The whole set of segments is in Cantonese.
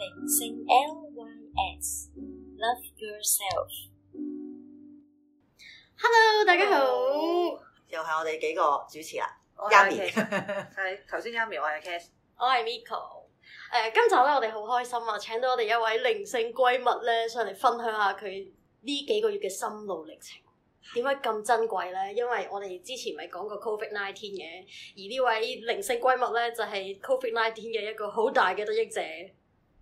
靈性 L Y S，Love Yourself。Hello，大家好，Hello. 又係我哋幾個主持啦，Amelia，係頭先 a m 我係 Cass，我係 Miko。誒、呃，今集咧我哋好開心啊，請到我哋一位靈性閨蜜咧上嚟分享下佢呢幾個月嘅心路歷程。點解咁珍貴咧？因為我哋之前咪講過 Covid nineteen 嘅，而呢位靈性閨蜜咧就係 Covid nineteen 嘅一個好大嘅得益者。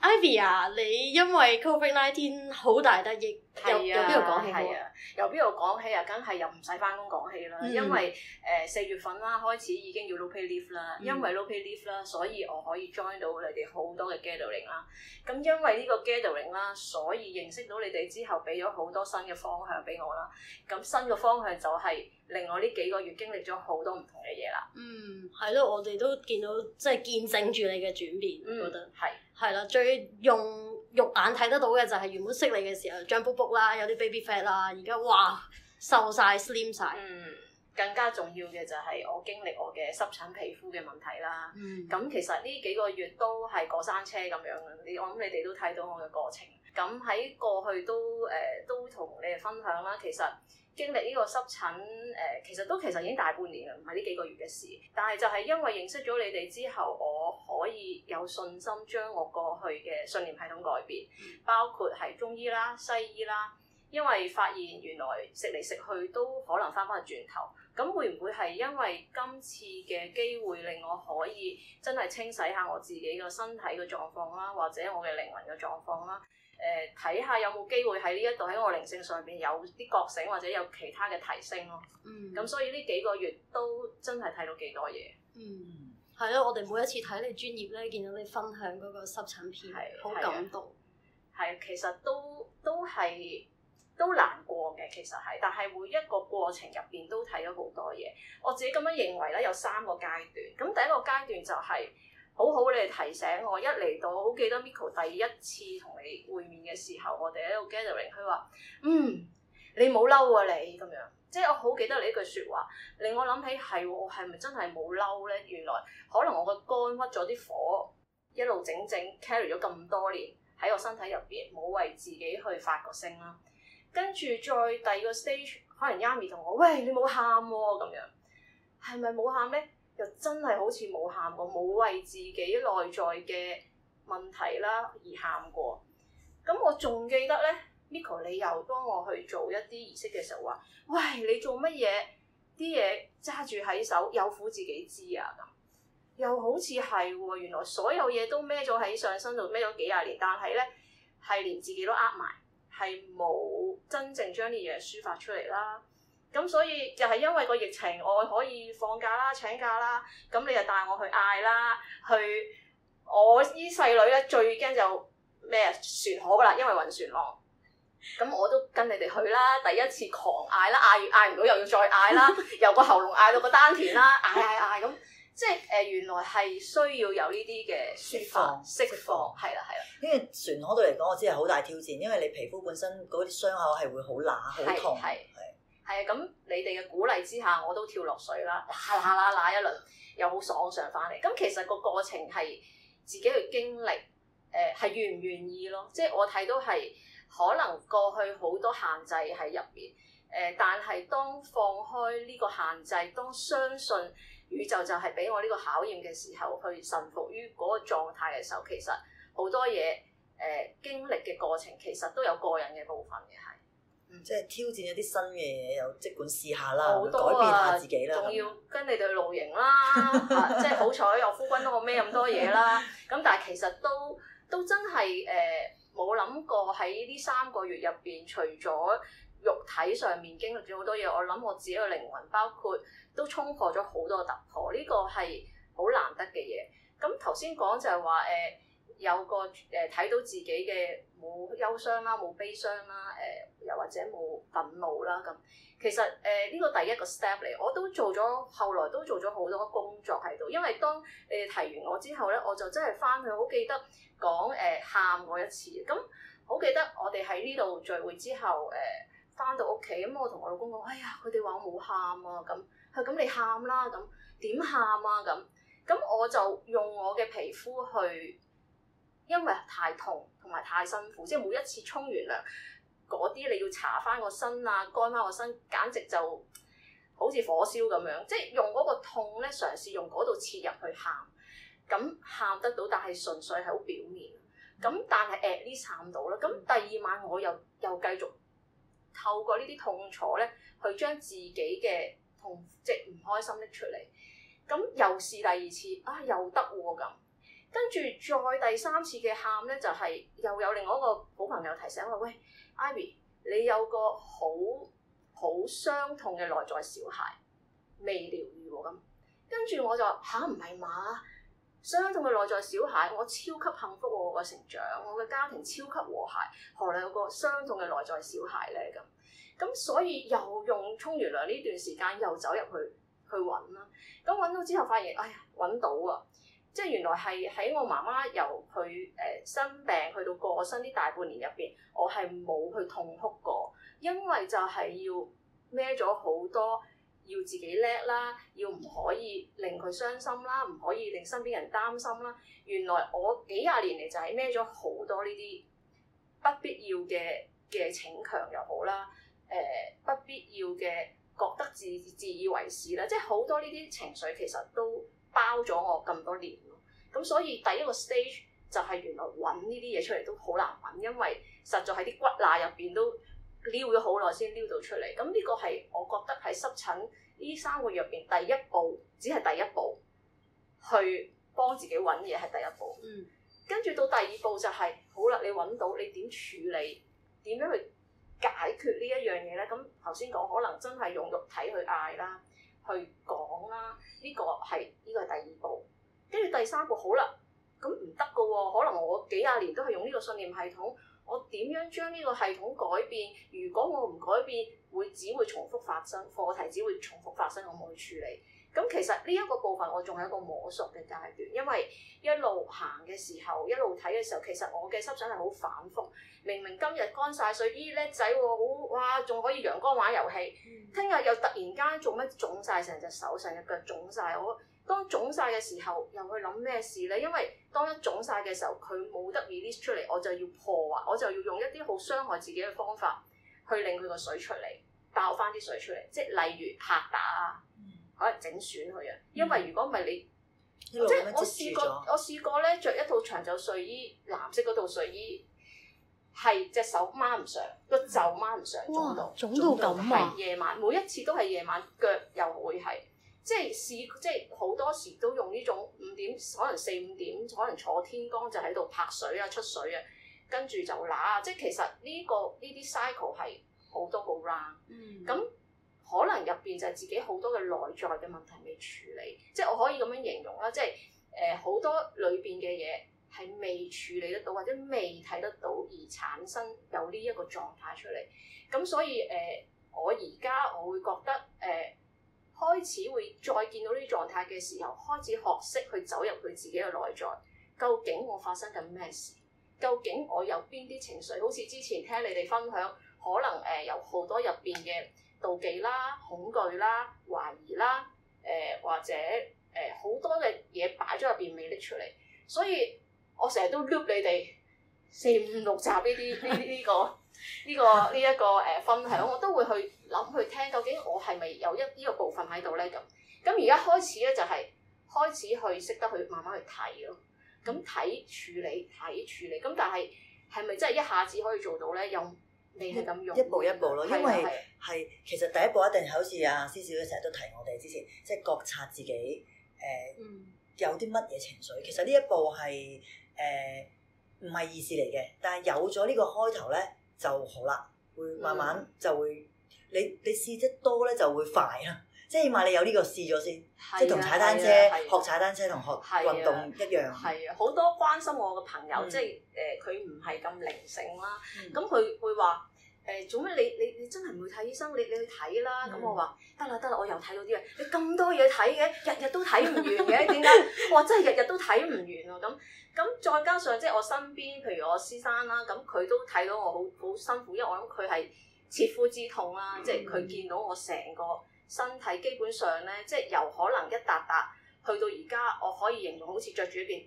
Ibby 啊，嗯、你因為 Covid nineteen 好大得益。啊，又又邊度講起啊？由邊度講起、嗯呃、啊？梗係又唔使翻工講起啦，因為誒四月份啦開始已經要 low pay leave 啦，嗯、因為 low pay leave 啦，所以我可以 join 到你哋好多嘅 gathering 啦。咁因為呢個 gathering 啦，所以認識到你哋之後，俾咗好多新嘅方向俾我啦。咁新嘅方向就係令我呢幾個月經歷咗好多唔同嘅嘢啦。嗯，係咯，我哋都見到即係見證住你嘅轉變，我覺得係。嗯係啦，最用肉眼睇得到嘅就係原本識你嘅時候，脹卜卜啦，有啲 baby fat 啦，而家哇，瘦晒，slim 晒。嗯。更加重要嘅就係我經歷我嘅濕疹皮膚嘅問題啦。嗯。咁其實呢幾個月都係過山車咁樣，我你我諗你哋都睇到我嘅過程。咁喺過去都誒、呃、都同你哋分享啦，其實。經歷呢個濕疹，誒、呃、其實都其實已經大半年啦，唔係呢幾個月嘅事。但係就係因為認識咗你哋之後，我可以有信心將我過去嘅信念系統改變，包括係中醫啦、西醫啦，因為發現原來食嚟食去都可能返返去轉頭。咁會唔會係因為今次嘅機會令我可以真係清洗下我自己個身體嘅狀況啦，或者我嘅靈魂嘅狀況啦？誒、呃，睇下有冇機會喺呢一度喺我靈性上面有啲覺醒，或者有其他嘅提升咯、啊。嗯。咁所以呢幾個月都真係睇到幾多嘢。嗯。係咯、啊，我哋每一次睇你專頁咧，見到你分享嗰個濕疹片，係，好感動。係、啊啊，其實都都係。都難過嘅，其實係，但係每一個過程入邊都睇咗好多嘢。我自己咁樣認為咧，有三個階段。咁第一個階段就係、是、好好你哋提醒我，一嚟到好記得 Miko 第一次同你會面嘅時候，我哋喺度 gathering，佢話：嗯，你冇嬲啊你咁樣。即係我好記得你呢句説話，令我諗起係、哦，我係咪真係冇嬲咧？原來可能我個肝屈咗啲火，一路整整 carry 咗咁多年喺我身體入邊，冇為自己去發個聲啦。跟住再第二個 stage，可能 Yami 同我，喂，你冇喊喎咁樣，係咪冇喊咧？又真係好似冇喊過，冇為自己內在嘅問題啦而喊過。咁我仲記得呢 Miko 你又幫我去做一啲儀式嘅時候話：喂，你做乜嘢？啲嘢揸住喺手，有苦自己知啊！咁又好似係喎，原來所有嘢都孭咗喺上身度孭咗幾廿年，但係呢，係連自己都呃埋。係冇真正將啲嘢抒發出嚟啦，咁所以又係因為個疫情，我可以放假啦、請假啦，咁你就帶我去嗌啦，去我啲細女咧最驚就咩船河噶啦，因為暈船浪，咁我都跟你哋去啦，第一次狂嗌啦，嗌嗌唔到又要再嗌啦， 由個喉嚨嗌到個丹田啦，嗌嗌嗌咁。嗌嗌嗌嗌。即係誒、呃，原來係需要有呢啲嘅抒發釋放，係啦係啦。因為船海對嚟講，我知係好大挑戰，因為你皮膚本身嗰啲傷口係會好乸、好、嗯、痛。係係係。啊，咁你哋嘅鼓勵之下，我都跳落水啦，嗱嗱嗱一輪，又好爽上翻嚟。咁其實個過程係自己去經歷，誒係願唔願意咯。即係我睇到係可能過去好多限制喺入邊，誒，但係當放開呢個限，限制，當相信。宇宙就係俾我呢個考驗嘅時候，去臣服於嗰個狀態嘅時候，其實好多嘢誒、呃、經歷嘅過程，其實都有個人嘅部分嘅係、嗯，即係挑戰一啲新嘅嘢，又即管試下啦，多啊、改變下自己啦，仲、啊、吧要跟你哋去露營啦， 啊、即係好彩有夫君都冇咩咁多嘢啦，咁、 嗯、但係其實都都真係誒冇諗過喺呢三個月入邊，除咗。肉體上面經歷咗好多嘢，我諗我自己個靈魂包括都衝破咗好多突破，呢、這個係好難得嘅嘢。咁頭先講就係話誒有個誒睇、呃、到自己嘅冇憂傷啦，冇悲傷啦，誒、呃、又或者冇憤怒啦咁。其實誒呢、呃這個第一個 step 嚟，我都做咗，後來都做咗好多工作喺度，因為當誒提完我之後咧，我就真係翻去好記得講誒喊我一次，咁好記得我哋喺呢度聚會之後誒。呃翻到屋企咁，我同我老公講：哎呀，佢哋話我冇喊啊咁，佢咁你喊啦咁，點喊啊咁？咁我就用我嘅皮膚去，因為太痛同埋太辛苦，即係每一次沖完涼嗰啲你要搽翻個身啊，乾翻個身，簡直就好似火燒咁樣，即係用嗰個痛咧嘗試用嗰度切入去喊，咁喊得到，但係純粹係好表面，咁但係 at least 喊到啦。咁第二晚我又又繼續。透過呢啲痛楚咧，去將自己嘅痛即唔開心拎出嚟。咁又試第二次啊，又得喎咁。跟住再第三次嘅喊咧，就係又有另外一個好朋友提醒我：喂，Ibby，你有個好好傷痛嘅內在小孩未療愈喎咁。跟住我就話嚇，唔係嘛。傷痛嘅內在小孩，我超級幸福，我嘅成長，我嘅家庭超級和諧，何來有個傷痛嘅內在小孩呢？咁，咁所以又用沖完涼呢段時間又走入去去揾啦。咁揾到之後發現，哎呀揾到啊！即係原來係喺我媽媽由佢誒、呃、生病去到過身啲大半年入邊，我係冇去痛哭過，因為就係要孭咗好多。要自己叻啦，要唔可以令佢傷心啦，唔可以令身邊人擔心啦。原來我幾廿年嚟就係孭咗好多呢啲不必要嘅嘅逞強又好啦，誒、呃、不必要嘅覺得自自以為是啦，即係好多呢啲情緒其實都包咗我咁多年。咁所以第一個 stage 就係原來揾呢啲嘢出嚟都好難揾，因為實在喺啲骨罅入邊都。撩咗好耐先撩到出嚟，咁呢個係我覺得喺濕疹呢三個入邊第一步，只係第一步，去幫自己揾嘢係第一步。嗯。跟住到第二步就係，好啦，你揾到你點處理，點樣去解決呢一樣嘢咧？咁頭先講可能真係用肉體去嗌啦，去講啦，呢個係呢個係第二步。跟住第三步，好啦，咁唔得㗎喎，可能我幾廿年都係用呢個信念系統。我點樣將呢個系統改變？如果我唔改變，會只會重複發生課題，只會重複發生，發生我冇去處理。咁其實呢一個部分我仲係一個摸索嘅階段，因為一路行嘅時候，一路睇嘅時候，其實我嘅濕疹係好反覆。明明今日乾晒水，啲叻仔喎好哇，仲可以陽光玩遊戲。聽日又突然間做乜腫晒成隻手、成隻腳腫晒。我。當腫晒嘅時候，又去諗咩事咧？因為當一腫晒嘅時候，佢冇得 release 出嚟，我就要破壞，我就要用一啲好傷害自己嘅方法去令佢個水出嚟，爆翻啲水出嚟。即係例如拍打啊，嗯、可能整損佢啊。因為如果唔係你，嗯、即係我試過，我試過咧着一套長袖睡衣，藍色嗰套睡衣係隻手掹唔上，個袖掹唔上，腫到腫到咁啊！夜晚每一次都係夜晚，腳又會係。即係試，即係好多時都用呢種五點，可能四五點，可能坐天光就喺度拍水啊、出水啊，跟住就揦啊！即係其實呢、個呢啲 cycle 係好多個 round、mm。嗯、hmm.。咁可能入邊就係自己好多嘅內在嘅問題未處理，即係我可以咁樣形容啦。即係誒，好、呃、多裏邊嘅嘢係未處理得到，或者未睇得到而產生有呢一個狀態出嚟。咁所以誒、呃，我而家我會覺得誒。呃開始會再見到呢啲狀態嘅時候，開始學識去走入佢自己嘅內在，究竟我發生緊咩事？究竟我有邊啲情緒？好似之前聽你哋分享，可能誒有好多入邊嘅妒忌啦、恐懼啦、懷疑啦，誒、呃、或者誒好、呃、多嘅嘢擺咗入邊未拎出嚟，所以我成日都碌你哋四五,五六集呢啲呢呢個呢、呢個呢一、呢個誒、呃、分享，我都會去。諗去聽，究竟我係咪有一呢個部分喺度咧？咁咁而家開始咧，就係開始去識得去慢慢去睇咯。咁睇處理，睇處理。咁但係係咪真係一下子可以做到咧？又未係咁容易。一步一步咯，因為係其實第一步一定係好似阿 C 小姐成日都提我哋之前，即係覺察自己誒、呃嗯、有啲乜嘢情緒。其實呢一步係誒唔係易事嚟嘅，但係有咗呢個開頭咧就好啦，會慢慢就會。嗯你你試得多咧就會快啦，即係起碼你有呢個試咗先，嗯、即係同踩單車、啊啊啊、學踩單車同學運動一樣。係啊，好、啊、多關心我嘅朋友，嗯、即係誒佢唔係咁靈性啦。咁佢、嗯、會話誒、呃，做咩你你你真係唔會睇醫生？你你去睇啦。咁、嗯、我話得啦得啦，我又睇到啲嘢。你咁多嘢睇嘅，日日都睇唔完嘅，點解？我真係日日都睇唔完啊！咁咁再加上即係我身邊，譬如我先生啦，咁佢都睇到我好好辛苦，因為我諗佢係。切膚之痛啦，即係佢見到我成個身體基本上咧，即係由可能一笪笪去到而家，我可以形容好似着住一件誒、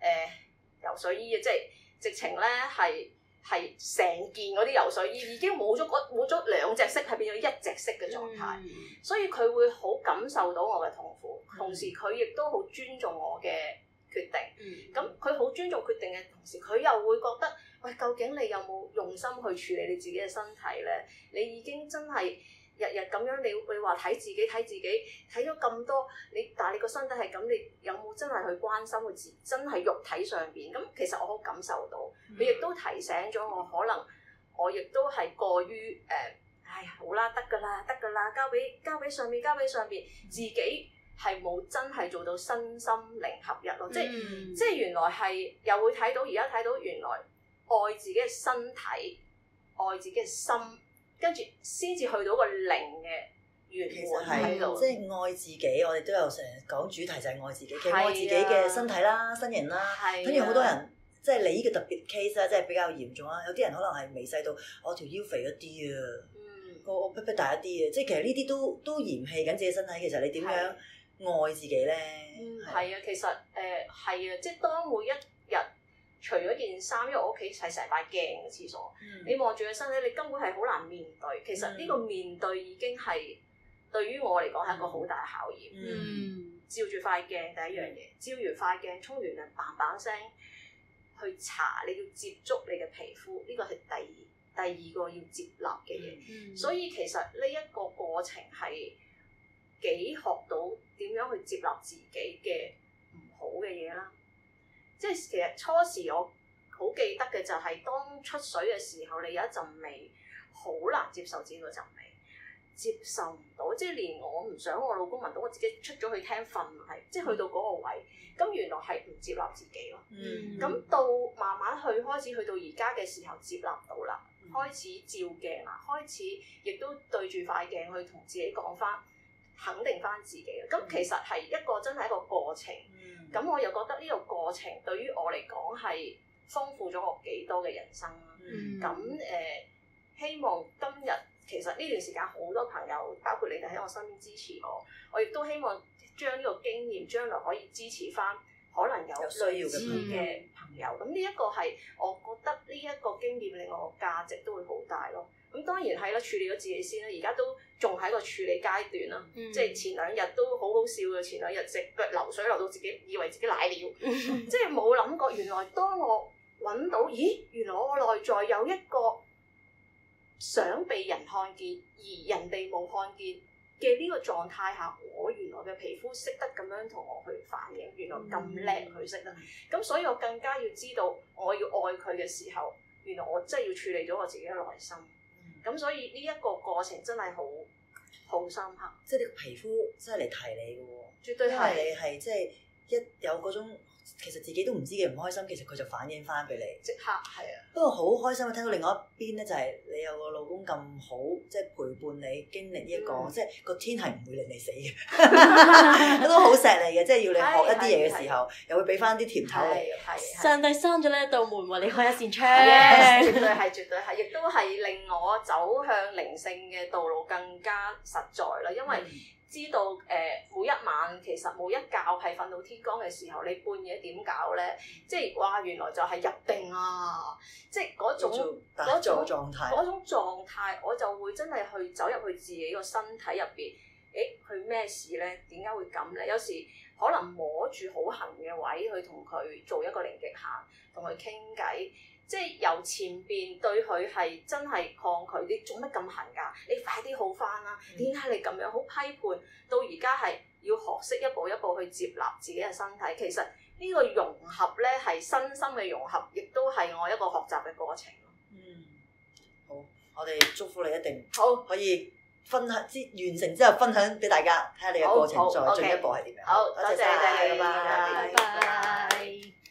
呃、游水衣啊，即係直情咧係係成件嗰啲游水衣已經冇咗冇咗兩隻色，係變咗一隻色嘅狀態，嗯、所以佢會好感受到我嘅痛苦，嗯、同時佢亦都好尊重我嘅決定，咁佢好尊重決定嘅同時，佢又會覺得，喂，究竟你有冇用心去處理你自己嘅身體咧？你已經真係日日咁樣，你你話睇自己睇自己，睇咗咁多，你但係你個身體係咁，你有冇真係去關心佢？自，真係肉體上面？咁其實我好感受到，佢亦都提醒咗我，可能我亦都係過於誒，唉、哎，好啦，得㗎啦，得㗎啦，交俾交俾上面，交俾上面自己。係冇真係做到身心靈合一咯。嗯、即係即係原來係又會睇到而家睇到原來愛自己嘅身體，愛自己嘅心，跟住先至去到個靈嘅圓滿喺度。嗯、即係愛自己，我哋都有成日講主題就係愛自己，是啊、其實愛自己嘅身體啦、身形啦，跟住好多人即係你呢個特別 case 啊，即係比較嚴重啊。有啲人可能係微細到我條腰肥一啲啊，個個屁屁大一啲啊。即係其實呢啲都都嫌棄緊自己身體。其實你點樣？是的 愛自己咧，係 啊，其實誒係，呃、啊，即係當每一日除咗件衫，因為我屋企係成塊鏡嘅廁所，嗯、你望住個身體，你根本係好難面對。其實呢個面對已經係對於我嚟講係一個好大嘅考驗。嗯嗯、照住塊鏡第一樣嘢，照完塊鏡，沖完涼嘭嘭聲去查你要接觸你嘅皮膚，呢個係第二第二個要接納嘅嘢。嗯嗯、所以其實呢一個過程係。幾學到點樣去接納自己嘅唔好嘅嘢啦？即係其實初時我好記得嘅就係、是、當出水嘅時候，你有一陣味，好難接受自己嗰陣味，接受唔到。即係連我唔想我老公聞到我自己，出咗去聽瞓，唔係，即係去到嗰個位。咁、mm hmm. 原來係唔接納自己咯。咁、mm hmm. 到慢慢去開始去到而家嘅時候，接納到啦，開始照鏡啦，mm hmm. 開始亦都對住塊鏡去同自己講翻。肯定翻自己啊！咁其實係一個真係一個過程。咁我又覺得呢個過程對於我嚟講係豐富咗我幾多嘅人生啦。咁誒，呃，希望今日其實呢段時間好多朋友，包括你哋喺我身邊支持我，我亦都希望將呢個經驗將來可以支持翻可能有需要嘅朋友。咁呢一個係我覺得呢一個經驗令我價值都會好大咯。咁當然係啦，處理咗自己先啦。而家都仲喺個處理階段啦，嗯、即係前兩日都好好笑嘅。前兩日直腳流水流到自己以為自己瀨尿， 即係冇諗過原來當我揾到咦，原來我內在有一個想被人看見而人哋冇看見嘅呢個狀態下，我原來嘅皮膚識得咁樣同我去反映，原來咁叻佢識啦。咁、嗯、所以我更加要知道我要愛佢嘅時候，原來我真係要處理咗我自己嘅內心。咁所以呢一個過程真係好好深刻，即係你個皮膚真係嚟提你嘅喎，絕對你係即係一有嗰種。其實自己都唔知嘅唔開心，其實佢就反映翻俾你，即刻係啊！不過好開心啊，聽到另外一邊咧，就係、是、你有個老公咁好，即係陪伴你經歷呢、這、一個，嗯、即係個天係唔會令你死嘅， 都好錫你嘅，即係要你學一啲嘢嘅時候，是是是是是又會俾翻啲甜頭你。上帝閂咗呢一道門，你開一扇窗嘅，絕對係絕對係，亦都係令我走向靈性嘅道路更加實在啦。因為知道誒、呃、每一晚其實每一覺係瞓到天光嘅時候，你半夜。點搞咧？即係話原來就係入定啊！即係嗰種嗰種狀態，嗰種狀態，我就會真係去走入去自己個身體入邊，誒，去咩事咧？點解會咁咧？有時可能摸住好痕嘅位去同佢做一個連結下，同佢傾偈。即係由前邊對佢係真係抗拒，你做乜咁痕㗎？你快啲好返啦、啊！點解、嗯、你咁樣好批判？到而家係要學識一步一步去接納自己嘅身體。其實呢個融合咧係身心嘅融合，亦都係我一個學習嘅過程。嗯，好，我哋祝福你一定好可以分享之好完成之後分享俾大家睇下你嘅過程，好再進一步係點。好，多好謝大謝家，拜拜。謝謝。